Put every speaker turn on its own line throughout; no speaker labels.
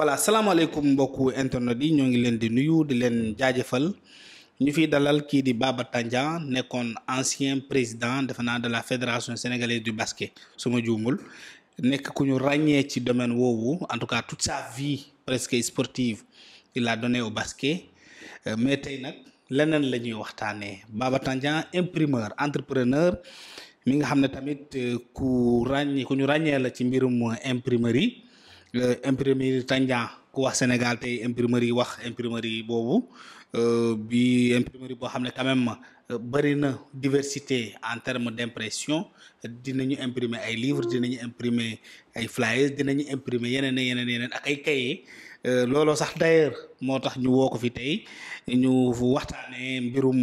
voilà salaamaaleykum mbokku internet yi ñoo ngi leen di nuyu di leen jaajëfal ñu fi dalal kii di Baba Tandian nekkoon ancien président defa naa de la fédération sénégalaise du basket suma juumul nekk ku ñu ràññee ci domaine woowu en tout cas toute sa vie presque sportive il a donné au basket euh, mais tey nag leneen la ñuy waxtaanee Baba Tandian imprimeur entrepreneur mi nga xam ne tamit euh, ku ràññee ku ñu ràññee la ci mbirum imprimerie. imprimerie Tandian ku wax Sénégal tey imprimerie wax imprimerie boobu euh, bi imprimerie boo xam ne quand même euh, bëri na diversité en termes d'impression dinañu imprimer ay livres dinañu imprimer ay flyers dinañu imprimer yeneen yeneen yeneen ak ay cahiers euh, looloo sax d'ailleurs moo tax ñu woo ko fi tey ñu fu waxtaanee mbirum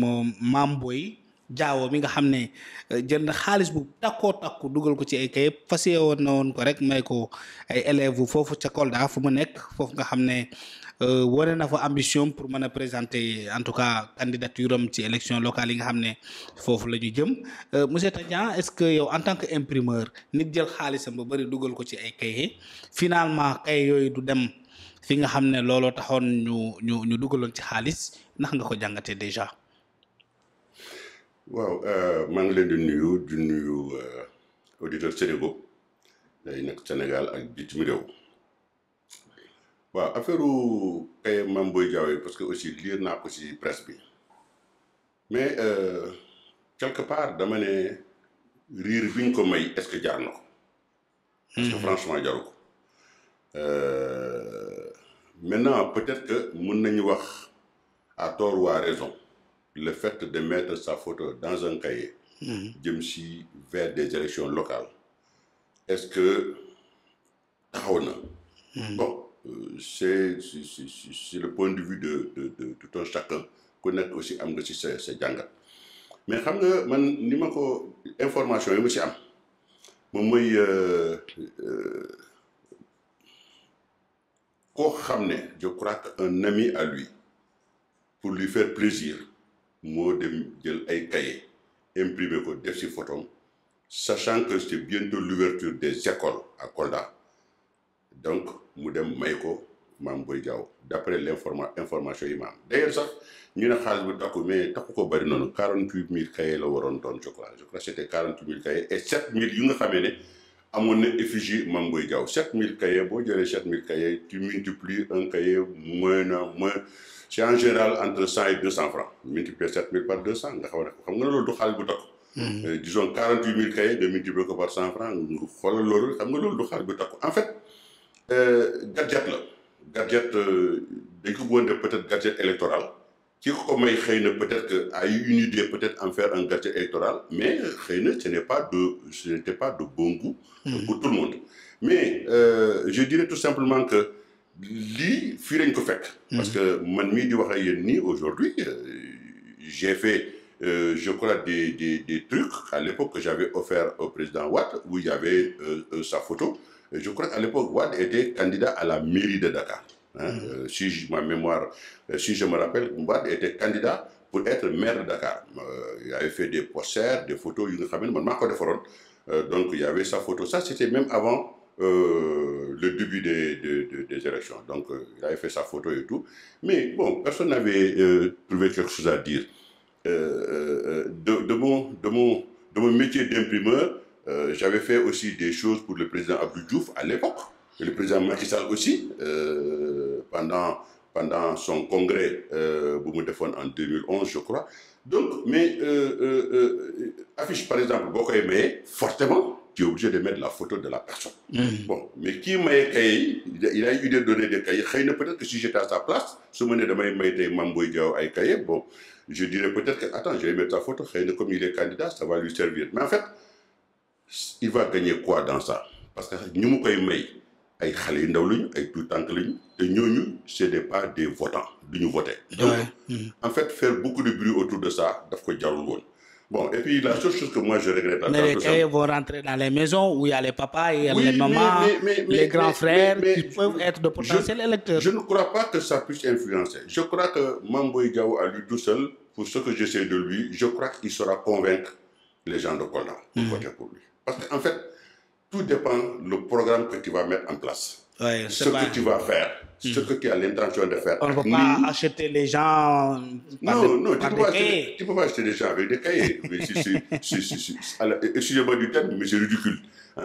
maam Boye jaawo mi nga xam ne euh, jënd xaalis bu takkoo takku dugal ko ci ay kayit fas woon na woon ko rek may ko ay élèves foofu ca Kolda fu mu nekk foofu nga xam ne euh, wane na fa ambition pour mën a présenter en tout cas candidature am ci élection locale yi nga xam ne foofu la ñu jëm euh, monsieur Tandian est-ce que yow en tant que imprimeur nit jël xaalisam ba bëri dugal ko ci ay kayit finalement kayit yooyu du dem fi nga xam ne looloo taxoon ñu ñu ñu dugaloon ci xaalis ndax nga ko jàngatee déjà.
waaw euh, maa ngi leen di nuyu di nuyu euh, auditeur Sénégal day nekk Sénégal ak bitim réew waaw affaire u kay Mame Boye Diao parce que aussi lire naa ko ci presse bi mais euh, quelque part dama ne riir bi ñu ko may est-ce que jaar na ko. parce que hmm. franchement jaru ko. Euh, peut-être que mën nañu wax à tort ou raison. le fait de mettre sa photo dans un cahier. Mhm. jëm si vers des élections locales. est-ce que taxaw na. Mhm. bon euh, c'est c'est le point de vue de de tout un chacun ku nekk aussi am nga si sa sa jàngat. mais xam nga man ni ma ko information yi ma si am moom mooy euh, euh, koo xam ne je crois que un ami à lui pour lui faire plaisir. moo dem jël ay cahiers imprimé ko def si photom sa que c'est bientôt l'ouverture des écoles à Kolda donc mu dem may ko maam Boy Diaw d'après l'informa information yi ma am sax ñu ne xaalis bi takku mais ko bëri noonu quarante huit mille cahiers la waroon doon je crois je crois c'était quarante huit mille cahiers et sept mille yu nga xamee ne amoon na effigie Mame Boye Diao mille cahiers boo jëlee 7000 cahiers tu multiplies un cahier moins na moins c'est en général entre 100 et 200 francs multiplier 7000 par 200 nga xaw a xam nga ne loolu du xaalis bu takku. Mm-hmm. Euh, disons 48000 cahiers nga multiplier ko par 100 francs nga xoolal loolu xam nga loolu du xaalis bu takku en fait euh, gadget la gadget euh, dañ ko bëggoon def peut-être gadget électoral. ci ko may xëy na peut-être que ay une idée peut-être en faire un quartier électoral mais xëy na ce n'est pas de ce n'était pas de bon goût mm-hmm. pour tout le monde mais euh, je dirais tout simplement que lii fii lañ ko mm-hmm. parce que man mii di wax ak yéen nii aujourd'hui euh, j'ai fait euh, je crois des des des trucs à l'époque que j'avais offert au président Wade où il y avait euh, euh, sa photo je crois qu'à l'époque Wade était candidat à la mairie de Dakar Hein. Mhm. Euh, si je, ma mémoire, euh, si je me rappelle, Mbad était candidat pour être maire de Dakar. Euh, il avait fait des posters, des photos, il donc il y avait sa photo. Ça, c'était même avant le début des, élections. Donc euh, y avait fait sa photo et tout. Mais bon, personne n'avait euh, trouvé quelque chose à dire. De, de, mon, de, métier d'imprimeur, j'avais fait aussi des choses pour le président Abdou Diouf à l'époque. Et le président Macky Sall aussi, euh, pendant, pendant son congrès euh, Boumoutefone en 2011, je crois. Donc, mais euh, euh, euh affiche par exemple Boko Aimé, fortement, tu es obligé de mettre la photo de la personne. Mmh. Bon, mais qui m'a écaillé, il a eu des données de cahier. Peut-être que si j'étais à sa place, ce moment de m'a été Mamboy Diao à cahier, bon, je dirais peut-être que, attends, je mettre sa photo, comme il est candidat, ça va lui servir. Mais en fait, il va gagner quoi dans ça Parce que nous, nous, ay xale yu ndaw lañu ay tout tànk lañu te ñooñu c'est des pas des votants donc mm. en fait faire beaucoup de bruit autour de ça daf ko jarul woon. et la seule chose que moi je regrette. en que mais les
vont rentrer dans les maisons où il y a les papas oui, les les grands frères qui peuvent être de potentiels
électeurs. je ne crois pas que ça puisse influencer je crois que Mame Boye à lui tout seul pour ce que je de lui je crois qu'il saura convaincre les gens de Kolda. pour mm. lui tout dépend le programme que tu vas mettre en place.
Ouais, ce que pas... tu vas
faire. Ce hmm. que tu as
acheter les gens. Non, tu
peux, pas acheter les gens avec des cahiers. excusez du terme, mais hmm.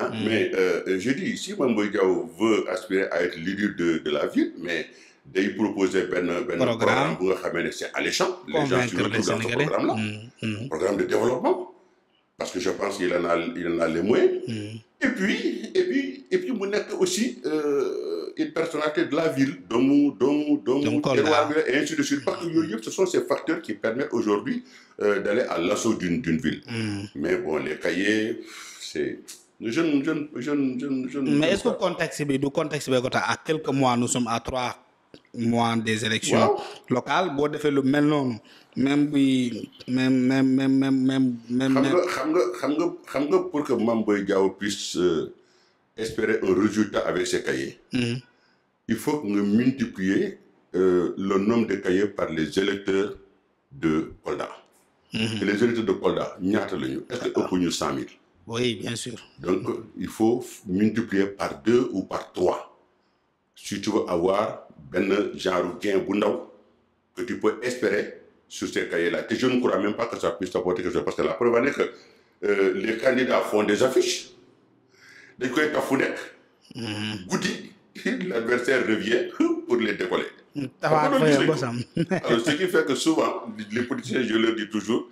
euh, je dis, si Mambo veut aspirer à être leader de, de la ville, mais day proposer benn programme bu nga xamee ne c'est les gens se retrouvent dans hmm, Programme de développement. parce que je pense qu'il en a il en a mm. et puis et mu nekk aussi euh, une personnalité de la ville. doomu doomu doomu. terroir bi et ainsi de suite parce que yooyu yëpp ce sont ces facteurs qui permettent aujourd'hui euh, d'aller à l'assaut d'une ville. Mm. mais bon les cahiers c'est jeune jeune jeune jeune jeune. mais est-ce que
contexte bi du contexte bi quelques mois nous sommes à trois. mois des élections locales boo defee lu mel noonu même bi même même même même même même
xam nga xam nga xam nga pour que Mame Boye Diao puisse euh, espérer un résultat avec ses cahiers mhm. il faut que nga multiplier euh, le nombre de cahiers par les électeurs de Kolda mhm. et les électeurs de Kolda ñaata la ñu est-ce que ëpp ñu cent mille
oui bien sûr
donc il faut multiplier par deux ou par trois si tu veux avoir benn genre gain bu ndaw que tu peux espérer sur ces cahiers-là te je ne crois même pas que ça puisse t'apporter quelque que la preuve que euh, les candidats font des affiches dañ koy taf fu nekk. Mm-hmm. guddi l'adversaire revient pour les décoller. tabaar
alors
ce qui fait que souvent les politiciens je leur dis toujours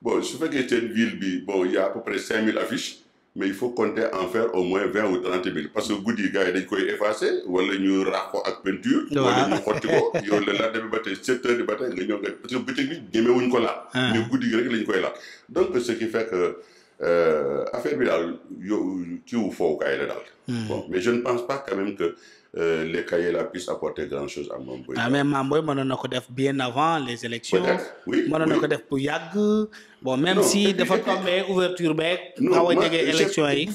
bon su fekkee seen ville bi bon il y a à peu cinq mille affiches. mais il faut compter en faire au moins vingt ou trente mille parce que guddi yi gars yi dañ koy effacer wala ñu raax ko ak peinture. wala ñu xotti ko yow la laata bi ba tey sept heures du matin nga ñëw nga parce que bëccëg bi ñemewuñ ko laal. Ah. mais guddi gi rek lañ koy laal. donc ce qui fait que euh, affaire bi daal yow kiiwu fowukaay la daal. Hmm. bon mais je ne pense pas quand même que. Euh, les cahiers là puissent apporter grand chose à Mamboy. ah
mais na ko def bien avant les élections. peut-être oui mënoon na def bu yàgg. bon même si dafa tombé ouverture beeg. xaw a jege élection
yi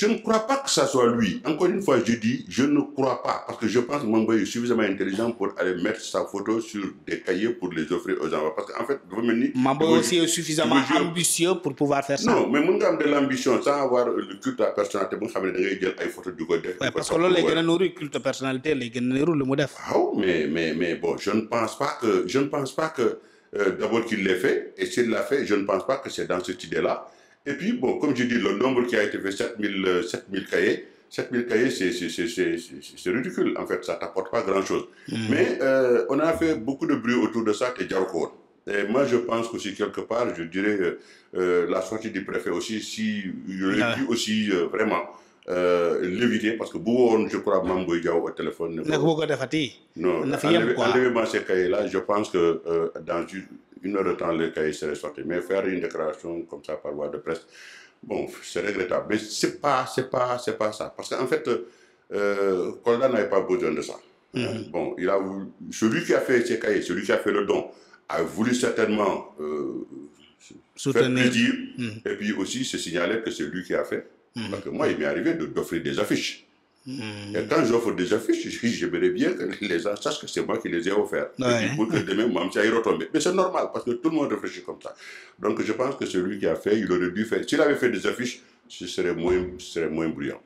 je ne crois pas que ça soit lui. encore une fois je dis je ne crois pas parce que je pense que Mame Boye suffisamment intelligent pour aller mettre sa photo sur des cahiers pour les offrir aux enfants parce que en fait dafa mel suffisamment
ambitieux pour pouvoir faire ça. non mais mën nga am de
le culte à la personnalité ne da jël ay photos du ko def. parce que loolu lay gën a
nourrir culte personnalité lay gën a
mais mais bon je ne pense euh, d'abord qu'il l'ait fait, et s'il l'a fait, je ne pense pas que c'est dans cette idée-là. Et puis, bon, comme je dis, le nombre qui a été fait, 7000, 7000 euh, cahiers, 7000 cahiers, c'est ridicule, en fait, ça t'apporte pas grand-chose. Mm. Mais euh, on a fait beaucoup de bruit autour de ça, et Djarkour. Et moi, je pense qu'aussi, quelque part, je dirais, euh, la sortie du préfet aussi, si, il aurait dû aussi, vraiment, Euh, l'éviter parce que bu woon je crois Mame Boye Diao au téléphone. ne ko bëgg a
defati. non enlèvement
ces cahiers là que euh, dans une heure de temps mais faire une déclaration comme ça par voie de presse bon c'est regrettable mais c'est pas c'est pas c'est pas ça parce que en fait euh, Kolda n'avait pas besoin de ça. Mmh. Bon, a voulu, celui qui a fait ces celui qui a fait le don, a voulu certainement euh, soutenir. Faire mm-hmm. aussi se signaler que c'est lui qui a fait. Mmh. Parce que moi, il m'est arrivé d'offrir des affiches. Mhm. Et quand j'offre des affiches, j'aimerais bien que les gens que c'est moi qui les ai offertes. Ouais. Pour que demain, moi, aille retomber. Mais c'est normal, parce que tout le monde réfléchit comme ça. Donc, je pense que celui qui a fait, il aurait dû faire. S'il avait fait des affiches, ce serait moins bruyant.